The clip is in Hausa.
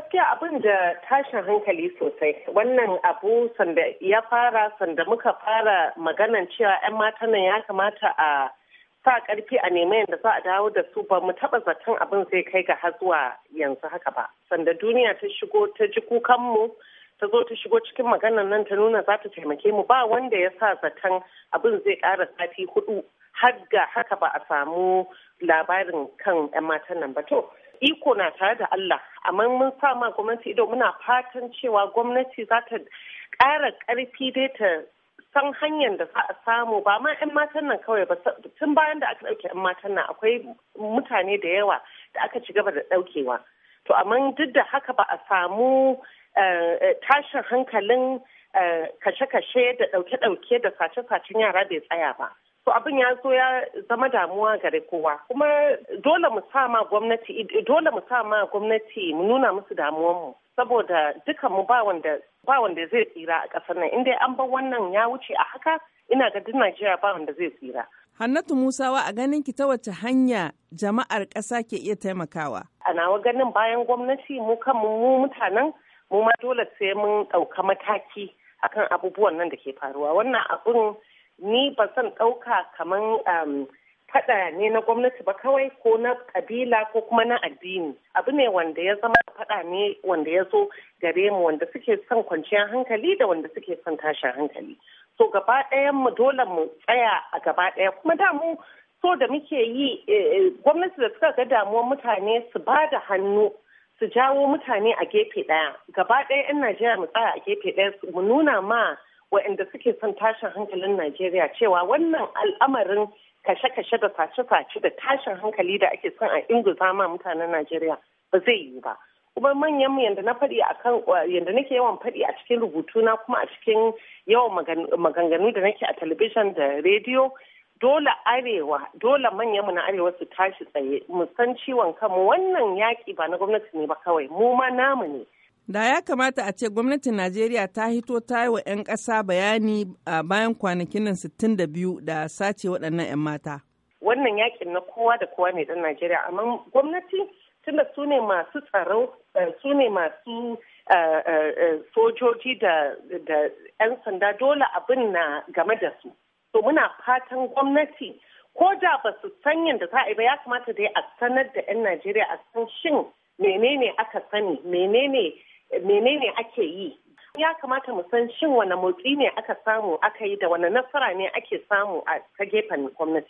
gaskiya abin da tashin hankali sosai wannan abu sanda ya fara sanda muka fara maganan cewa 'yan mata nan ya kamata a sa karfi a nema yadda za a dawo da su ba mu taba zaton abin zai kai ga hazuwa yanzu haka ba sanda duniya ta shigo ta ji kukanmu ta zo ta shigo cikin maganan nan ta nuna za ta taimake mu ba wanda ya sa zaton abin zai kara sati hudu har ga haka ba a samu labarin kan 'yan matan nan ba to iko na tare da Allah amma mun sa ma gwamnati ido muna fatan cewa gwamnati za ta ƙara ƙarfi dai ta san hanyar da za a samu ba ma 'yan matan nan kawai ba tun bayan da aka ɗauke 'yan matan nan akwai mutane da yawa da aka ci gaba da ɗaukewa to amma duk da haka ba a samu eh, eh, tashin hankalin eh, kashe-kashe da ɗauke-ɗauke da sace-sacen yara bai tsaya ba. to abin ya zo ya zama damuwa gare kowa kuma dole mu sa gwamnati dole mu ma gwamnati mu nuna musu damuwanmu saboda dukan mu ba wanda ba wanda zai tsira a kasar nan inda an bar wannan ya wuce a haka ina ga duk Najeriya ba wanda zai tsira Hannatu Musawa a ganin ki ta wace hanya jama'ar ƙasa ke iya taimakawa a nawa ganin bayan gwamnati mu kanmu mu mutanen mu ma dole sai mun ɗauka mataki akan abubuwan nan da ke faruwa wannan abun ni ba zan ɗauka kaman um, faɗa ne na gwamnati ba kawai ko na kabila ko kuma na addini abu ne wanda ya zama faɗa ne wanda ya zo gare mu wanda suke son kwanciyar hankali da wanda suke son tashin hankali so gaba ɗayan mu dole mu tsaya a gaba ɗaya kuma da mu so da muke yi eh, eh, gwamnati da suka ga damuwar mutane su ba da hannu su jawo mutane a gefe ɗaya gaba ɗaya 'yan najeriya mu tsaya a gefe ɗaya mu nuna ma waɗanda suke son tashin hankalin Najeriya cewa wannan al'amarin kashe-kashe da face-face da tashin hankali da ake son a ingu ma mutanen Najeriya ba zai yi ba. Kuma manyan yadda na faɗi kan yadda nake yawan faɗi a cikin rubutuna kuma a cikin yawan maganganu da nake a talabijin da rediyo dole arewa dole manyanmu na arewa su tashi tsaye mu san ciwon kanmu wannan yaƙi ba na gwamnati ne ba kawai mu ma namu ne. Da ya kamata a ce gwamnatin Najeriya ta hito ta yi wa 'yan ƙasa bayani a bayan kwanakin nan 62 da sace waɗannan 'yan mata. Wannan yakin na kowa da kowa ne ɗan Najeriya, amma gwamnati tunda su ne masu tsaro, eh, su ne masu eh, eh, sojoji da 'yan sanda dole abin na game da su. To muna fatan gwamnati ko da ba su san yadda za a yi ba ya kamata dai a sanar da 'yan Najeriya a san shin menene aka sani menene menene ake yi ya kamata mu san shin wane motsi ne aka samu aka yi da wane nasara ne ake samu a ta gefen gwamnati